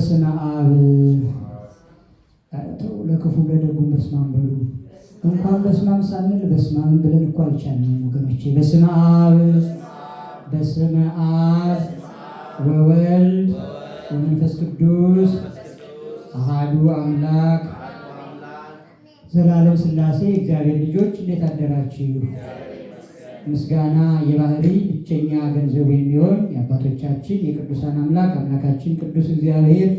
በስመ አብ ለክፉ ለደጉም በስመ አብ በሉ። እንኳን በስመ አብ ሳንል በስመ አብ ብለን እኮ አልቻልንም ወገኖቼ። በስመ አብ በስመ አብ ወወልድ ወመንፈስ ቅዱስ አሃዱ አምላክ ዘላለም ሥላሴ እግዚአብሔር ልጆች እንዴት አደራችሁ? ምስጋና የባህሪ ብቸኛ ገንዘቡ የሚሆን የአባቶቻችን የቅዱሳን አምላክ አምላካችን ቅዱስ እግዚአብሔር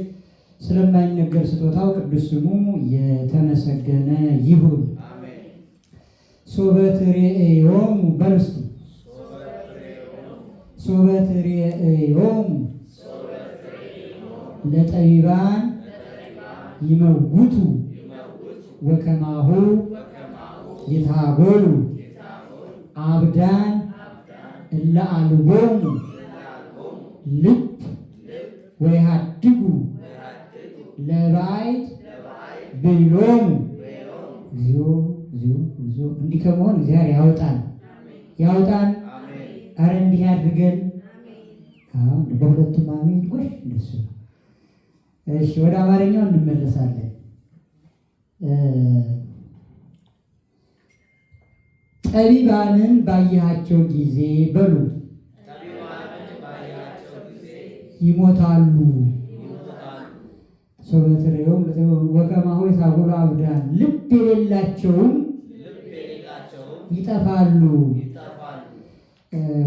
ስለማይነገር ስጦታው ቅዱስ ስሙ የተመሰገነ ይሁን። ሶበት ሬኤዮሙ በርስቱ ሶበት ሬኤዮሙ ለጠቢባን ይመውቱ ወከማሁ ይታጎሉ አብዳን እለ አልቦሙ ልብ ወይሃድጉ ለባዕድ ብሎሙ እግዚኦ እግዚኦ እግዚኦ። እንዲህ ከመሆን እግዚአብሔር ያውጣን ያውጣን። አረ እንዲህ ያድርገን። በሁለቱም አሜን። ቆይ እንደሱ እሺ፣ ወደ አማርኛው እንመለሳለን። ጠቢባንን ባያቸው ጊዜ በሉ ይሞታሉ። ሶበትሬውም ወቀማሁ የታጉሎ አብዳን ልብ የሌላቸውም ይጠፋሉ።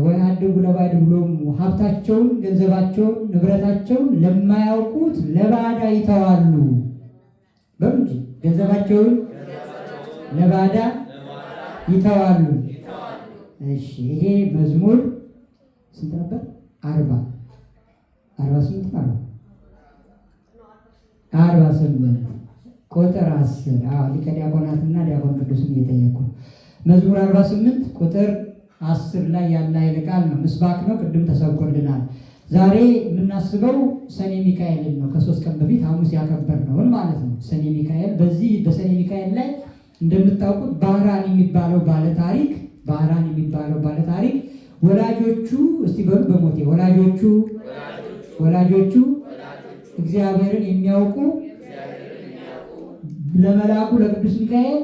ወይ አድጉ ብሎም ሀብታቸውን፣ ገንዘባቸውን፣ ንብረታቸውን ለማያውቁት ለባዳ ይተዋሉ። በሉ ገንዘባቸውን ለባዳ ይተዋሉ። እሺ ይሄ መዝሙር ስንት ነበር? አርባ አርባ ስምንት አርባ አርባ ስምንት ቁጥር አስር ሊቀ ዲያቆናትና ዲያቆን ቅዱስን እየጠየቁ መዝሙር አርባ ስምንት ቁጥር አስር ላይ ያለ ኃይለ ቃል ነው። ምስባክ ነው። ቅድም ተሰብኮልናል። ዛሬ የምናስበው ሰኔ ሚካኤልን ነው። ከሶስት ቀን በፊት ሐሙስ ያከበርነውን ማለት ነው። ሰኔ ሚካኤል በዚህ በሰኔ ሚካኤል ላይ እንደምታውቁት ባህራን የሚባለው ባለ ታሪክ ባህራን የሚባለው ባለ ታሪክ ወላጆቹ እስቲ በሉ በሞቴ ወላጆቹ ወላጆቹ እግዚአብሔርን የሚያውቁ ለመላኩ ለቅዱስ ሚካኤል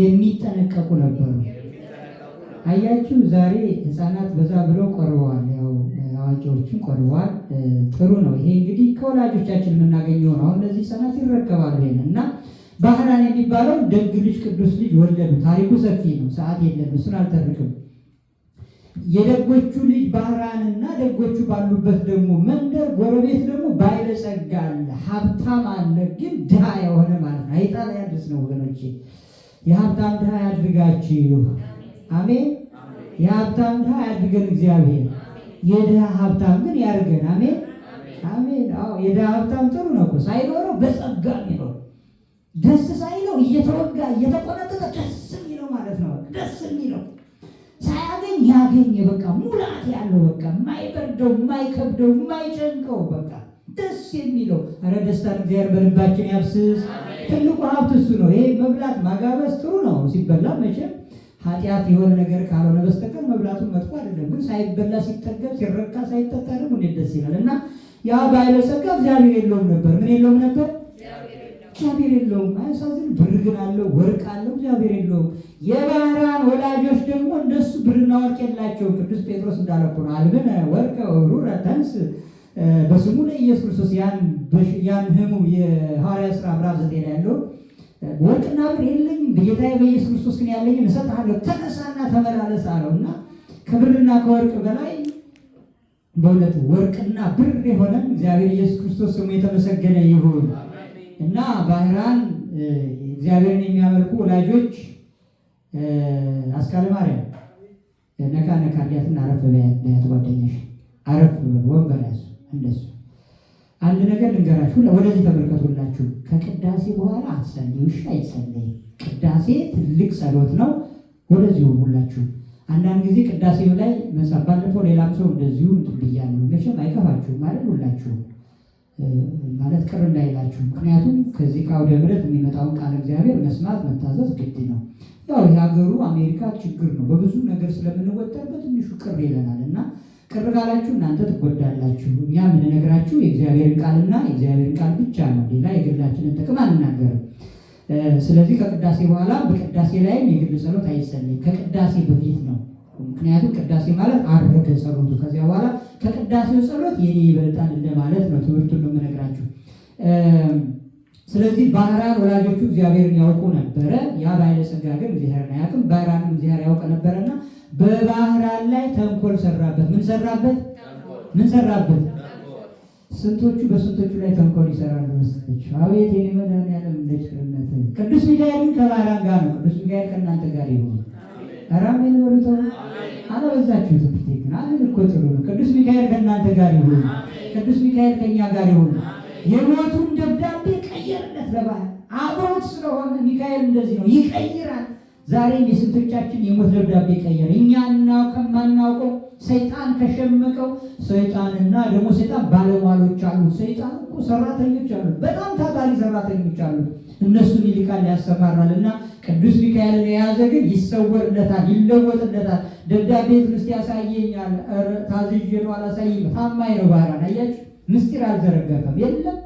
የሚጠነቀቁ ነበሩ። አያችሁ፣ ዛሬ ህፃናት በዛ ብለው ቆርበዋል፣ ያው አዋቂዎቹም ቆርበዋል። ጥሩ ነው። ይሄ እንግዲህ ከወላጆቻችን የምናገኘው ነው። አሁን እነዚህ ህፃናት ይረከባሉ ይሄን እና ባህራን የሚባለው ደግ ልጅ ቅዱስ ልጅ ወለዱ። ታሪኩ ሰፊ ነው፣ ሰዓት የለም፣ እሱን አልተርክም። የደጎቹ ልጅ ባህራንና ደጎቹ ባሉበት ደግሞ መንደር ጎረቤት ደግሞ ባይለጸጋ አለ፣ ሀብታም አለ፣ ግን ድሃ የሆነ ማለት ነው። አይጣል ያድስ ነው ወገኖቼ። የሀብታም ድሃ ያድርጋችሁ፣ አሜን። የሀብታም ድሃ ያድርገን እግዚአብሔር። የድሃ ሀብታም ግን ያድርገን፣ አሜን፣ አሜን። የድሃ ሀብታም ጥሩ ነው እኮ ሳይኖረው በጸጋ ነው ደስ ሳይለው እየተወጋ እየተቆነጠጠ ደስ የሚለው ማለት ነው። ደስ የሚለው ሳያገኝ ያገኝ በቃ ሙላት ያለው በቃ የማይበርደው የማይከብደው የማይጨንቀው በቃ ደስ የሚለው ኧረ ደስታን እግዚአብሔር በልባችን ያብስስ። ትልቁ ሀብት እሱ ነው። ይሄ መብላት ማጋበስ ጥሩ ነው ሲበላ መቼም ኃጢአት የሆነ ነገር ካልሆነ በስተቀር መብላቱን መጥፎ አይደለም። ግን ሳይበላ ሲጠገብ ሲረካ ሳይጠጣ ደግሞ እንዴት ደስ ይላል! እና ያ ባለጸጋ እግዚአብሔር የለውም ነበር ምን የለውም ነበር እግዚአብሔር የለውም። አያሳዝን? ብር ግን አለው፣ ወርቅ አለው፣ እግዚአብሔር የለውም። የባህራን ወላጆች ደግሞ እንደሱ ብርና ወርቅ የላቸውም። ቅዱስ ጴጥሮስ እንዳለኩ ነው አልብነ ወርቀ ሩረ ተንስ በስሙ ለኢየሱስ ክርስቶስ ያን ህሙ የሐዋርያ ሥራ ምዕራፍ ዘጠኝ ያለው ወርቅና ብር የለኝም በጌታዬ በኢየሱስ ክርስቶስ ግን ያለኝን እሰጥሃለሁ፣ ተነሳና ተመላለስ አለው እና ከብርና ከወርቅ በላይ በእውነት ወርቅና ብር የሆነ እግዚአብሔር ኢየሱስ ክርስቶስ ስሙ የተመሰገነ ይሁን። እና ባህራን እግዚአብሔርን የሚያመልኩ ወላጆች አስካለ ማርያም ነካ ነካ እንዲያትና አረፍ በያት ጓደኛሽ አረፍ ወንበር ያዙ። እንደሱ አንድ ነገር ልንገራችሁ፣ ወደዚህ ተመልከቱላችሁ። ከቅዳሴ በኋላ አትጸልዩ፣ እሺ? አይጸለይ። ቅዳሴ ትልቅ ጸሎት ነው። ወደዚህ ሆኑላችሁ አንዳንድ ጊዜ ቅዳሴ ላይ መጻፍ ባለፈው ሌላም ሰው እንደዚሁ ትብያለሁ። መቼም አይከፋችሁም ማለት ሁላችሁ ማለት ቅር እንዳይላችሁ። ምክንያቱም ከዚህ ከአውደ ምሕረት የሚመጣውን ቃል እግዚአብሔር መስማት መታዘዝ ግድ ነው። ያው የሀገሩ አሜሪካ ችግር ነው። በብዙ ነገር ስለምንወጠር ትንሹ ቅር ይለናል እና ቅር ካላችሁ እናንተ ትጎዳላችሁ። እኛ የምንነግራችሁ የእግዚአብሔርን ቃልና የእግዚአብሔርን ቃል ብቻ ነው። ሌላ የግላችንን ጥቅም አንናገርም። ስለዚህ ከቅዳሴ በኋላ በቅዳሴ ላይም የግል ጸሎት አይሰለኝ፣ ከቅዳሴ በፊት ነው። ምክንያቱም ቅዳሴ ማለት አረገ ጸሎቱ ከዚያ በኋላ ከቅዳሴው ጸሎት የኔ ይበልጣል እንደማለት ነው። ትምህርቱን ነው የምነግራችሁ። ስለዚህ ባህራን ወላጆቹ እግዚአብሔርን ያውቁ ነበረ። ያ ባለጸጋ ግን እግዚአብሔርን አያውቅም፣ ባህራንም እግዚአብሔር ያውቅ ነበረና በባህራን ላይ ተንኮል ሰራበት። ምን ሰራበት? ምን ሰራበት? ስንቶቹ በስንቶቹ ላይ ተንኮል ይሰራሉ መሰለች። አቤት የኔ መድኃኒዓለም እንደ ቸርነት ቅዱስ ሚካኤልን ከባህራን ጋር ነው። ቅዱስ ሚካኤል ከእናንተ ጋር ይሆን። ራሜን በሉተ አለበዛችሁ ትምህርቴ ግን አሜን እኮ ጥሩ ሚካኤል ከእናንተ ጋር ይሁን። ቅዱስ ሚካኤል ከእኛ ጋር ይሁን። የሞቱን ደብዳቤ ቀየርለት ለባህል አብሮት ስለሆነ ሚካኤል እንደዚህ ነው፣ ይቀይራል። ዛሬም የስንቶቻችን የሞት ደብዳቤ ቀየር እኛ እናውቀም ማናውቀው ሰይጣን ከሸመቀው ሰይጣንና ደግሞ ሰይጣን ባለሟሎች አሉ ሰይጣን እኮ ሰራተኞች አሉ በጣም ታታሪ ሰራተኞች አሉት። እነሱን ይልካል ያሰማራል። እና ቅዱስ ሚካኤልን የያዘ ግን ይሰወርለታል፣ ይለወጥለታል። ደብዳቤ ውስጥ ያሳየኛል። ታዝዤ ነው አላሳይም። ታማኝ ነው ባህራን። አያችሁ፣ ምስጢር አልዘረገፈም። የለም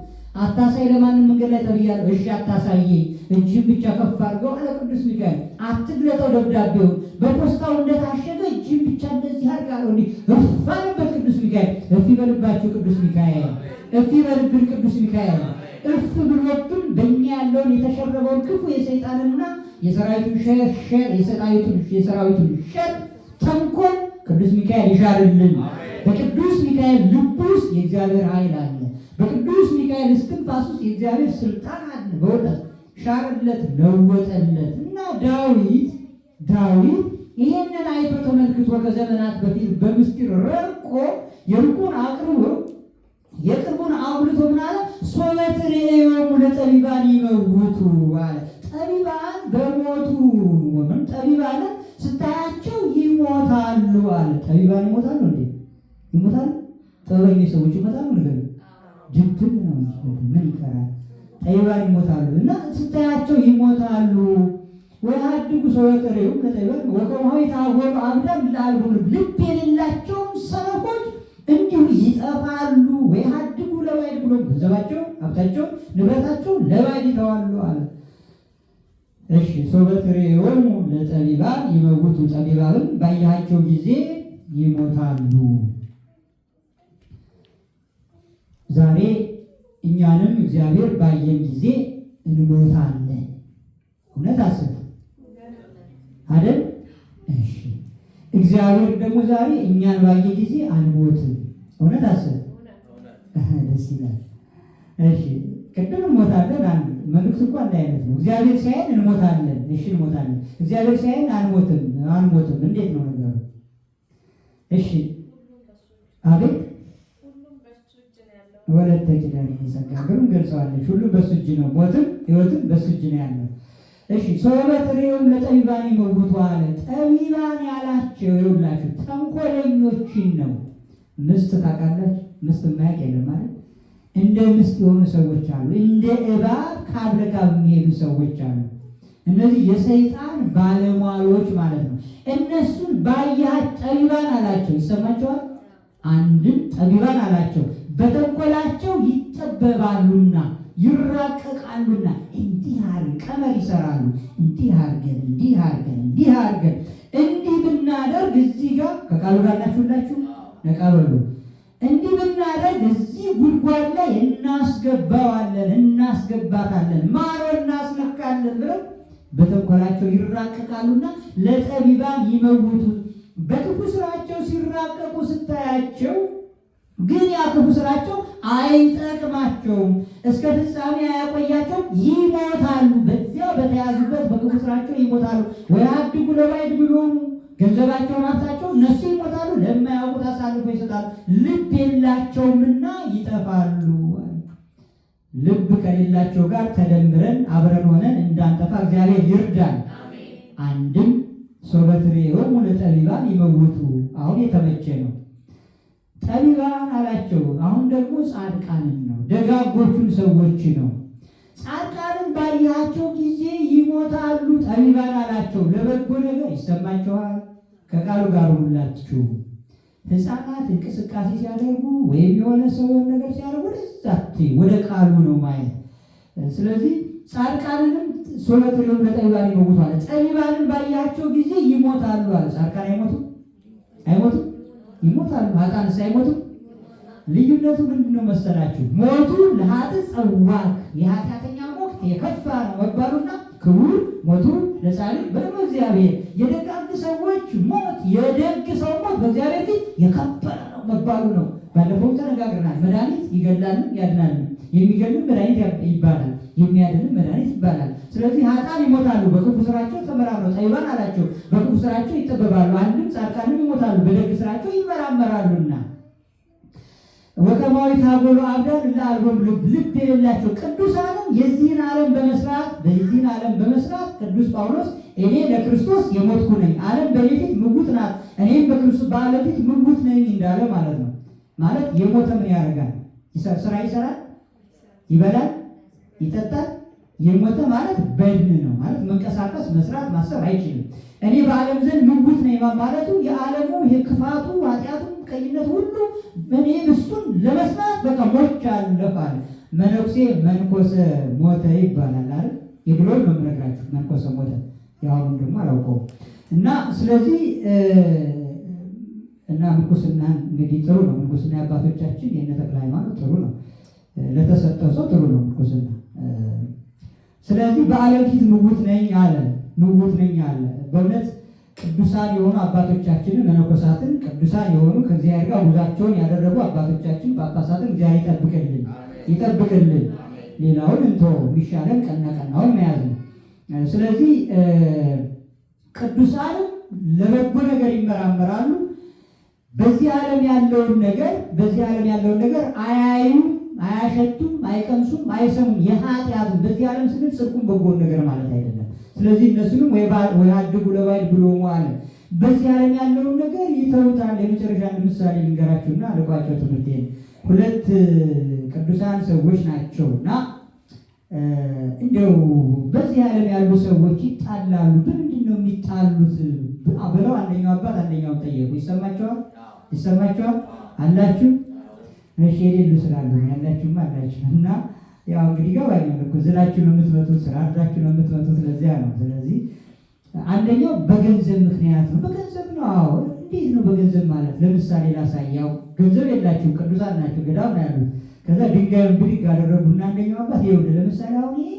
አታሳይ፣ ለማንም መንገድ ላይ ተብያለሁ። እሺ አታሳየኝ፣ እጅህን ብቻ ከፍ አድርገው አለ ቅዱስ ሚካኤል። አትግለጠው ደብዳቤውን፣ በፖስታው እንደታሸገ እጅህን ብቻ እንደዚህ አድርግ አለው። እንዲህ እፍ አለበት ቅዱስ ሚካኤል። እፍ ይበልባችሁ ቅዱስ ሚካኤል። እፊ ይበልብን ቅዱስ ሚካኤል። እፍ ብሎቱን በእኛ ያለውን የተሸረበውን ክፉ የሰይጣንና የሰራዊቱን ሸር ተንኮል ቅዱስ ሚካኤል ይሻርልን። በቅዱስ ሚካኤል ልብ ውስጥ የእግዚአብሔር ኃይል አለ። በቅዱስ ሚካኤል እስትንፋስ ውስጥ የእግዚአብሔር ስልጣን አለ። በእውነት ሻርለት፣ ለወጠለት እና ዳዊት ዳዊት ይህንን አይቶ ተመልክቶ ከዘመናት በፊት በምስጢር ረቆ የሩቁን አቅርቦ የቅርቡን አውልቶ ምን አለ? ሶበትር የመሙ ለጠቢባን ይመውቱ አለ። ጠቢባን በሞቱ ወይም ጠቢባን ስታያቸው ይሞታሉ አለ። ጠቢባን ይሞታሉ እንዴ? ይሞታሉ? ጥበበኛ ሰዎች ይሞታሉ። ነገር ጅብን ነው ምን ይቀራል? ጠቢባን ይሞታሉ እና ስታያቸው ይሞታሉ። ወያድጉ ሶበትሬው ለጠቢባን ወከማዊ ታወቁ አብዳም ላልሆኑ ልብ የሌላቸውም ሰነፎች እንዲሁ ይጠፋሉ። ወይ ሀድጉ ለባዕድ ብሎ ገንዘባቸው፣ ሀብታቸው፣ ንብረታቸው ለባዕድ ይተዋሉ አለ። እሺ ሶበትሬዎሙ ለጠቢባን ይመውቱ ጠቢባብን ባያቸው ጊዜ ይሞታሉ። ዛሬ እኛንም እግዚአብሔር ባየን ጊዜ እንሞታለን። እውነት አስብ አደል? እሺ እግዚአብሔር ደግሞ ዛሬ እኛን ባየ ጊዜ አንሞትም። እውነት አስብ፣ ደስ ይላል። እሺ ቅድም እንሞታለን። አንድ መልዕክት እኮ አንድ አይነት ነው። እግዚአብሔር ሲያየን እንሞታለን። እሺ እንሞታለን። እግዚአብሔር ሲያየን አንሞትም። አንሞትም እንዴት ነው ነገሩ? እሺ አቤት ወለት ተኪዳን የሚሰጋ ገልጸዋለች። ሁሉም በሱ እጅ ነው፣ ሞትም ህይወትም በሱ እጅ ነው ያለው። እሺ ሶበትሬውም ለጠቢባን ይመውቱ አለ። ጠቢባን ያላቸው የሁላችሁ ተንኮለኞችን ነው ምስት ታውቃለች። ምስት የማያውቅ የለም ማለት እንደ ምስት የሆኑ ሰዎች አሉ። እንደ እባብ ከአብረ የሚሄዱ ሰዎች አሉ። እነዚህ የሰይጣን ባለሟሎች ማለት ነው። እነሱን ባያት ጠቢባን አላቸው። ይሰማቸዋል። አንድም ጠቢባን አላቸው። በተንኮላቸው ይጠበባሉና ይራቀቃሉና እንዲህ አድርገን ቀመር ይሰራሉ። እንዲህ አድርገን እንዲህ አድርገን እንዲህ አድርገን እንዲህ ብናደርግ እዚህ ጋር ከቃሉ ጋር ናችሁላችሁ ነቀበሉ። እንዲህ ብናደርግ እዚህ ጉድጓድ ላይ እናስገባዋለን፣ እናስገባታለን፣ ማሮ እናስነካለን ብለው በተንኮላቸው ይራቀቃሉና ለጠቢባን ይመውቱ። በክፉ ስራቸው ሲራቀቁ ስታያቸው ግን ያ ክፉ ስራቸው አይጠቅማቸውም፣ እስከ ፍጻሜ አያቆያቸው፣ ይሞታሉ። በዚያው በተያዙበት በክፉ ስራቸው ይሞታሉ። አድጉ ለባይድ ብሎም ገንዘባቸውን፣ አብዛቸው እነሱ ይሞታሉ፣ ለማያውቁት አሳልፎ ይሰጣሉ፣ ልብ የላቸውምና ይጠፋሉ። ልብ ከሌላቸው ጋር ተደምረን አብረን ሆነን እንዳንጠፋ እግዚአብሔር ይርዳን። አንድም ሰው ሶበትሬሆሙ ለጠቢባን ይመውቱ አሁን የተመቸ ነው። ጠቢባን አላቸው። አሁን ደግሞ ጻድቃንን ነው፣ ደጋጎቹን ሰዎች ነው። ጻድቃንን ባያቸው ጊዜ ይሞታሉ ጠቢባን አላቸው። ለበጎ ነገር ይሰማቸዋል። ከቃሉ ጋር ሁላችሁ ህፃናት እንቅስቃሴ ሲያደርጉ ወይም የሆነ ሰው ነገር ሲያደርጉ ወደዛት ወደ ቃሉ ነው ማየት። ስለዚህ ጻድቃንንም ሶለቱ ሊሆን ለጠቢባን ይሞታል። ጠቢባንን ባያቸው ጊዜ ይሞታሉ አለ። ጻድቃን አይሞቱም አይሞቱም ይሞታሉ። ሀጣንስ አይሞቱም ልዩነቱ ምንድን ነው መሰላችሁ? ሞቱ ለሀጥ ጸዋክ የኃጢአተኛ ሞት የከፋ ነው መባሉና ክቡር ሞቱ ለጻሪ በደሞ እግዚአብሔር የደጋግ ሰዎች ሞት የደግ ሰው ሞት በእግዚአብሔር ፊት የከበረ ነው መባሉ ነው። ባለፈውም ተነጋግረናል። መድኃኒት ይገላል ያድናል። የሚገልም መድኃኒት ይባላል፣ የሚያድንም መድኃኒት ይባላል። ስለዚህ ሀጣን ይሞታሉ፣ በክፉ ስራቸው ተመራምረው ጠይባን አላቸው። በክፉ ስራቸው ይጠበባሉ። አንድም ጻድቃንም ይሞታሉ፣ በደግ ስራቸው ይመራመራሉና ወከማዊ ታጎሉ አብዳን ለአልበም ልብ ልብ የሌላቸው ቅዱሳንም የዚህን ዓለም በመስራት በዚህን ዓለም በመስራት ቅዱስ ጳውሎስ እኔ ለክርስቶስ የሞትኩ ነኝ፣ ዓለም በእኔ ፊት ምውት ናት፣ እኔም በክርስቶስ በዓለም ፊት ነኝ እንዳለ ማለት ነው። ማለት የሞተ ምን ያደርጋል? ስራ ይሰራል፣ ይበላል፣ ይጠጣል። የሞተ ማለት በድን ነው ማለት መንቀሳቀስ፣ መስራት፣ ማሰብ አይችልም። እኔ በዓለም ዘንድ ምንጉት ነኝ ማለቱ የዓለሙ የክፋቱ ኃጢአቱ፣ ቀይነቱ ሁሉ እኔ እሱን ለመስማት በቃ ሞች አለባል። መነኩሴ መንኮሰ ሞተ ይባላል አይደል? የድሮን ነው የምነግራችሁ። መንኮሰ ሞተ የአሁኑን ደግሞ አላውቀውም። እና ስለዚህ እና ምንኩስና እንግዲህ ጥሩ ነው። ምንኩስና የአባቶቻችን የእነ ተክለ ሃይማኖት ጥሩ ነው፣ ለተሰጠው ሰው ጥሩ ነው ምንኩስና። ስለዚህ በዓለም ፊት ምጉት ነኝ አለ ምውት ነኝ አለ። በእውነት ቅዱሳን የሆኑ አባቶቻችንን መነኮሳትን ቅዱሳን የሆኑ ከእግዚአብሔር ጋር ጉዟቸውን ያደረጉ አባቶቻችን ጳጳሳትን እግዚአብሔር ይጠብቅልን ይጠብቅልን። ሌላውን እንቶ የሚሻለን ቀና ቀናውን መያዝ ነው። ስለዚህ ቅዱሳን ለበጎ ነገር ይመራመራሉ። በዚህ ዓለም ያለውን ነገር በዚህ ዓለም ያለውን ነገር አያዩም፣ አያሸቱም፣ አይቀምሱም፣ አይሰሙም። የኃጢአቱን በዚህ ዓለም ስንል ጽድቁን በጎን ነገር ማለት አይደለም ስለዚህ እነሱንም ወይ አድጉ ለባይድ ብሎ መዋል በዚህ ዓለም ያለውን ነገር ይተውታል። የመጨረሻ አንድ ምሳሌ ልንገራችሁና ልቋቸው ትምህርቴን። ሁለት ቅዱሳን ሰዎች ናቸው እና እንደው በዚህ ዓለም ያሉ ሰዎች ይጣላሉ። በምንድን ነው የሚጣሉት ብለው አንደኛው አባት አንደኛው ጠየቁ። ይሰማቸዋል? ይሰማቸዋል? አላችሁ? እሺ የሌሉ ስላሉ ያላችሁም አላችሁ እና ያው እንግዲህ ይገባኛል እኮ ዝላችሁ ነው የምትመጡት፣ ስራ አርዳችሁ ነው የምትመጡት። ለዚያ ነው። ስለዚህ አንደኛው በገንዘብ ምክንያት ነው። በገንዘብ ነው። አዎ እንዴት ነው በገንዘብ ማለት? ለምሳሌ ላሳያው። ገንዘብ የላችሁ ቅዱሳን ናቸው፣ ገዳም ነው ያሉት። ከዛ ድንጋዩን ብድግ አደረጉና አንደኛው አባት ይኸውልህ፣ ለምሳሌ አሁን ይሄ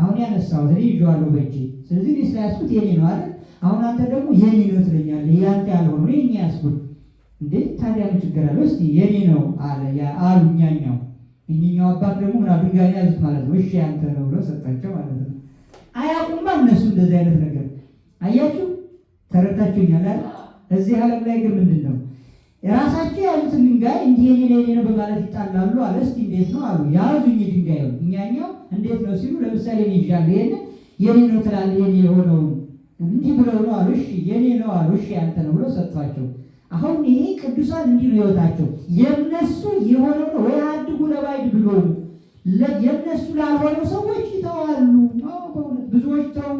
አሁን ያነሳሁት እኔ ይዤዋለሁ በእጄ። ስለዚህ እኔ ስለያዝኩት የኔ ነው አይደል? አሁን አንተ ደግሞ የኔ ነው ትለኛለህ። ያንተ ያልሆነ እኔ ያስኩት እንዴት ታዲያ ምን ችግር አለ? እስኪ የኔ ነው አለ አሉኛኛው እኛው አባት ደግሞ ምና ድንጋይ ያዙት ማለት ነው። እሺ ያንተ ነው ብሎ ሰጣቸው ማለት ነው። አያውቁማ እነሱ እንደዚህ አይነት ነገር አያችሁ፣ ተረድታችሁኛል። እዚህ ዓለም ላይ ግን ምንድን ነው የራሳቸው ያሉትን ድንጋይ እንዲህ ኔ የኔ ነው በማለት ይጣላሉ አለ። እስቲ እንዴት ነው አሉ ያዙኝ ድንጋይ ነው እኛኛው እንዴት ነው ሲሉ ለምሳሌ ይዣሉ ይሄን የኔ ነው ትላለህ የኔ የሆነው እንዲህ ብለው ነው አሉ። እሺ የኔ ነው አሉ። እሺ ያንተ ነው ብሎ ሰጥቷቸው አሁን ይሄ ቅዱሳን እንዲህ ህይወታቸው የእነሱ ነው ወይ አድጉ ለባይድ ብሎ የእነሱ ላልሆኑ ሰዎች ይተዋሉ። ብዙዎች ተው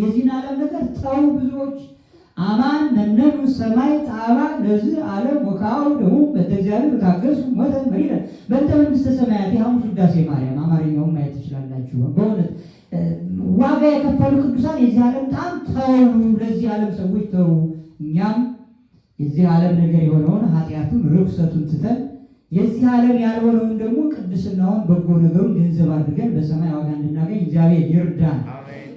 የዚህን ዓለም ነገር ተው ብዙዎች አማን መነኑ ሰማይ ጣባ ለዚ ዓለም ወካው ደግሞ በእንተ እግዚአብሔር መካከል ሞተ መሪረ በእንተ መንግስተ ሰማያት የሐሙስ ውዳሴ ማርያም አማርኛውን ማየት ትችላላችሁ። በእውነት ዋጋ የከፈሉ ቅዱሳን የዚህ ዓለም ጣም ተው፣ ለዚህ ዓለም ሰዎች ተው እኛም የዚህ ዓለም ነገር የሆነውን ኃጢአቱን ርኩሰቱን ትተን የዚህ ዓለም ያልሆነውን ደግሞ ቅድስናውን በጎ ነገሩን ገንዘብ አድርገን በሰማይ ዋጋ እንድናገኝ እግዚአብሔር ይርዳን።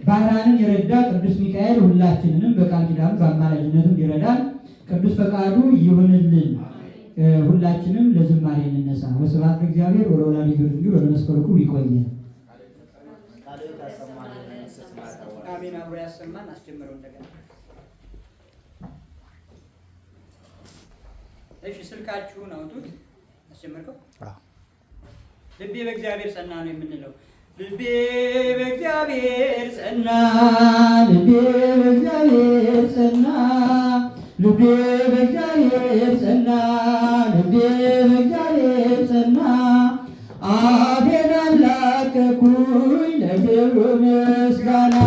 ባህራንን የረዳ ቅዱስ ሚካኤል ሁላችንንም በቃል ኪዳኑ በአማላጅነቱም ይረዳል። ቅዱስ ፈቃዱ ይሁንልን። ሁላችንም ለዝማሬ እንነሳ። ወስብሐት ለእግዚአብሔር ወለወላዲቱ ድንግል ወለመስቀሉ ክቡር። ይቆየን። አሜን። አብሮ ያሰማን። አስጀምረው እንደገና እሺ ስልካችሁን አውጡት። አስጀመርከው? ልቤ በእግዚአብሔር ጸና ነው የምንለው። ልቤ በእግዚአብሔር ጸና፣ ልቤ በእግዚአብሔር ጸና፣ ልቤ በእግዚአብሔር ጸና፣ ልቤ በእግዚአብሔር ጸና። አፌን ምስጋና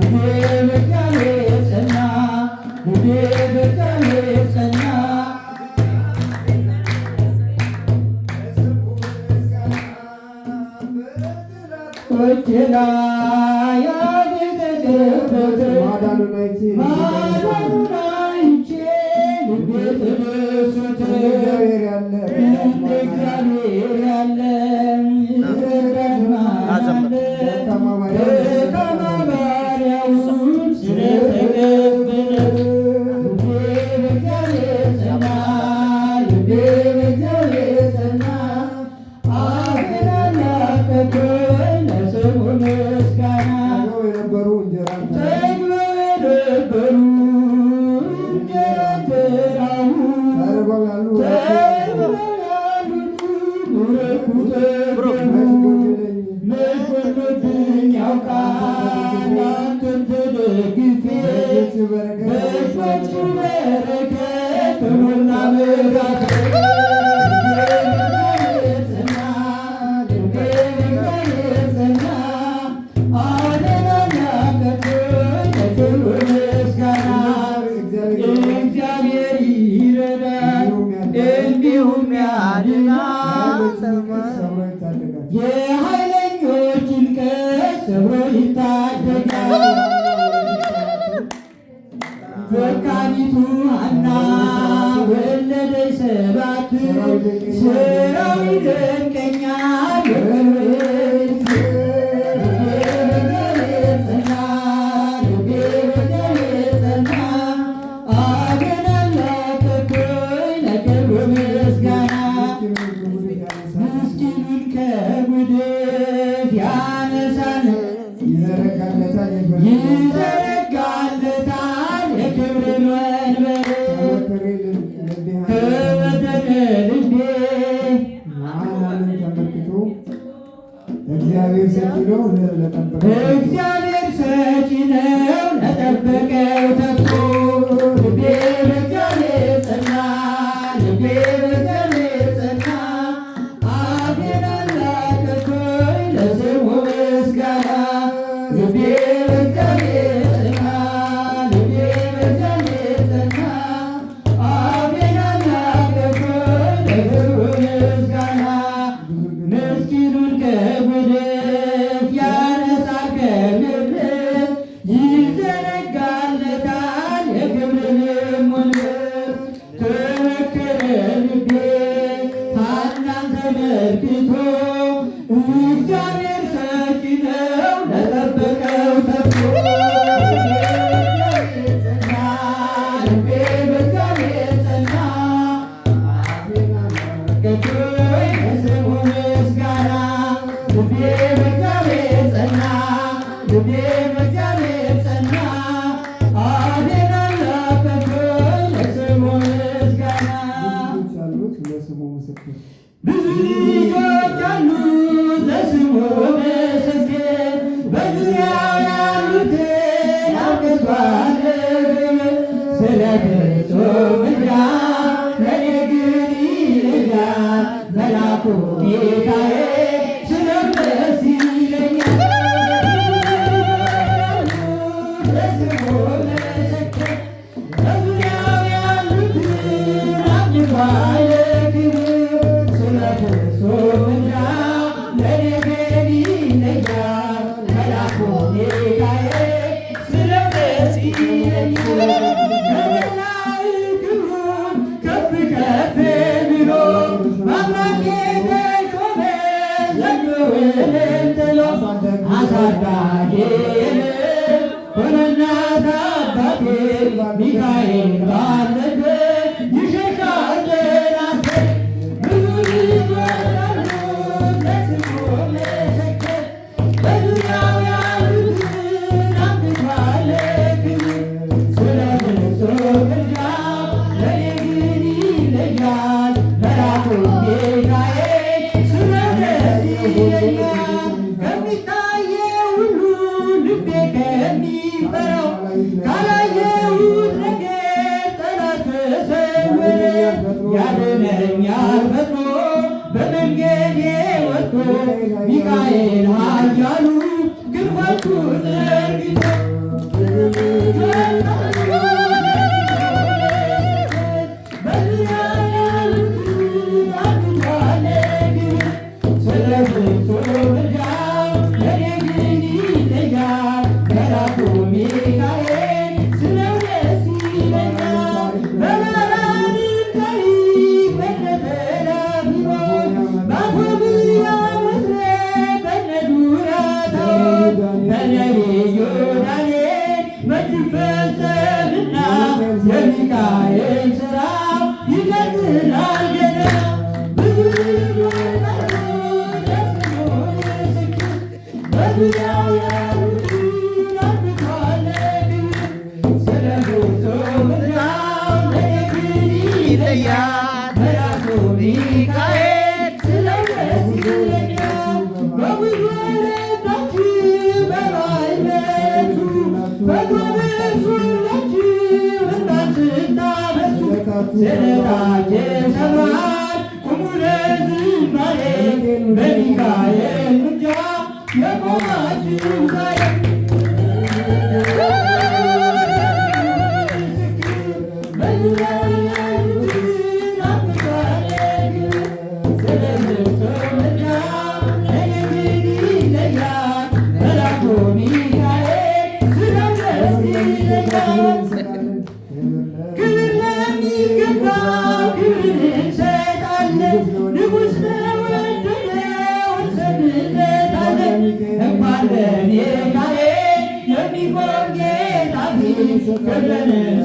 ልቤ I the Hallelujah. Про አባቴ ሚካኤል ባለበት ዘነታየ ሰማያት ቁሙለ ዝማሬ በሚካኤል ምልጃ የቆማችሁ كلنا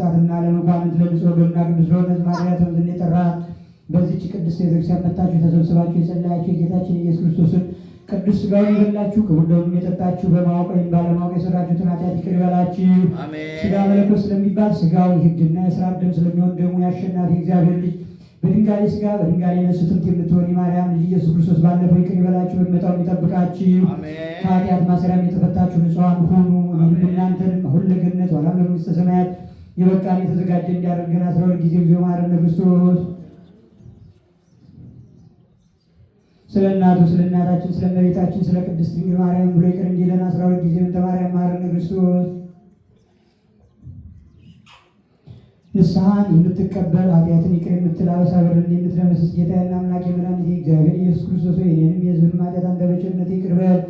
ለነገስታትና ለመኳንንት ለብፁዕ ወገብና ቅዱስ ለሆነ ማርያም ተብዝን የጠራ በዚች ቅድስት ቤተክርስቲያን መጣችሁ የተሰብስባችሁ የጸለያችሁ የጌታችን ኢየሱስ ክርስቶስን ቅዱስ ሥጋውን የበላችሁ ክቡር ደሙን የጠጣችሁ በማወቅ ወይም ባለማወቅ የሰራችሁትን ኃጢአት ይቅር ይበላችሁ። ስጋ መለኮት ስለሚባል ሥጋው ሕግና የሥራ ደም ስለሚሆን ደግሞ የአሸናፊ እግዚአብሔር ልጅ በድንጋሌ ስጋ በድንጋሌ ነፍስ ትምት የምትሆን የማርያም ልጅ ኢየሱስ ክርስቶስ ባለፈው ይቅር ይበላችሁ፣ በሚመጣው ይጠብቃችሁ። ከኃጢአት ማሰሪያም የተፈታችሁ ንጹሐን ሁኑ። እናንተንም ሁሉ ገነት ዋላም ለመንግሥተ ሰማያት የበቃን የተዘጋጀ እንዲያደርገን አስራ ሁለት ጊዜ እግዚኦ መሐረነ ክርስቶስ። ስለ እናቱ ስለ እናታችን ስለ እመቤታችን ስለ ቅድስት ድንግል ማርያም ብሎ ይቅር እንዲለን አስራ ሁለት ጊዜ እንተ ማርያም መሐረነ ክርስቶስ። ንስሐን የምትቀበል ኃጢአትን ይቅር የምትል ብርን የምትለመስስ ጌታዬና አምላኬ መድኃኒቴ እግዚአብሔር ኢየሱስ ክርስቶስ ሆይ እኔንም የሕዝብንም ኃጢአት አንተ በቸርነትህ ይቅር በል፣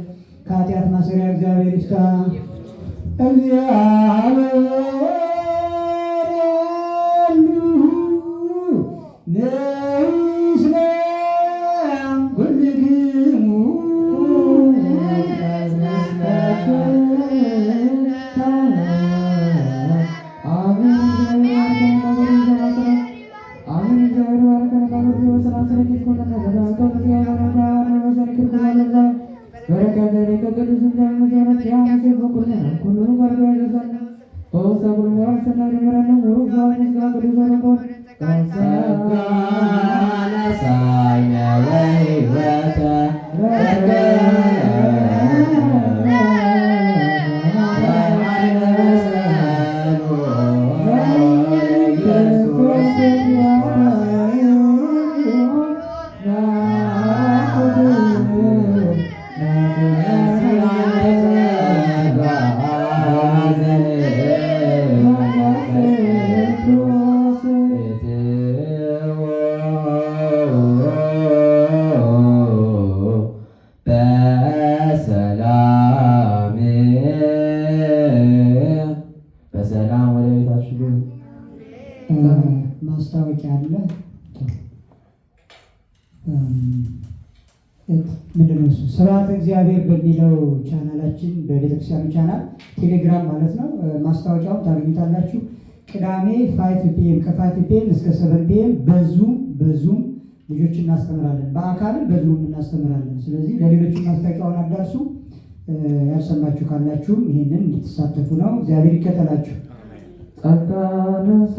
ከኃጢአት ማሰሪያ እግዚአብሔር ይፍታ እግዚአብሔር ፋይቭ ፒኤም ከፋይቭ ፒኤም እስከ ሰቨን ፒኤም በዙም በዙም ልጆች እናስተምራለን። በአካልም በዙም እናስተምራለን። ስለዚህ ለሌሎች ማስታወቂያውን አዳርሱ። ያልሰማችሁ ካላችሁም ይህንን እንድትሳተፉ ነው። እግዚአብሔር ይከተላችሁ። ጸጋ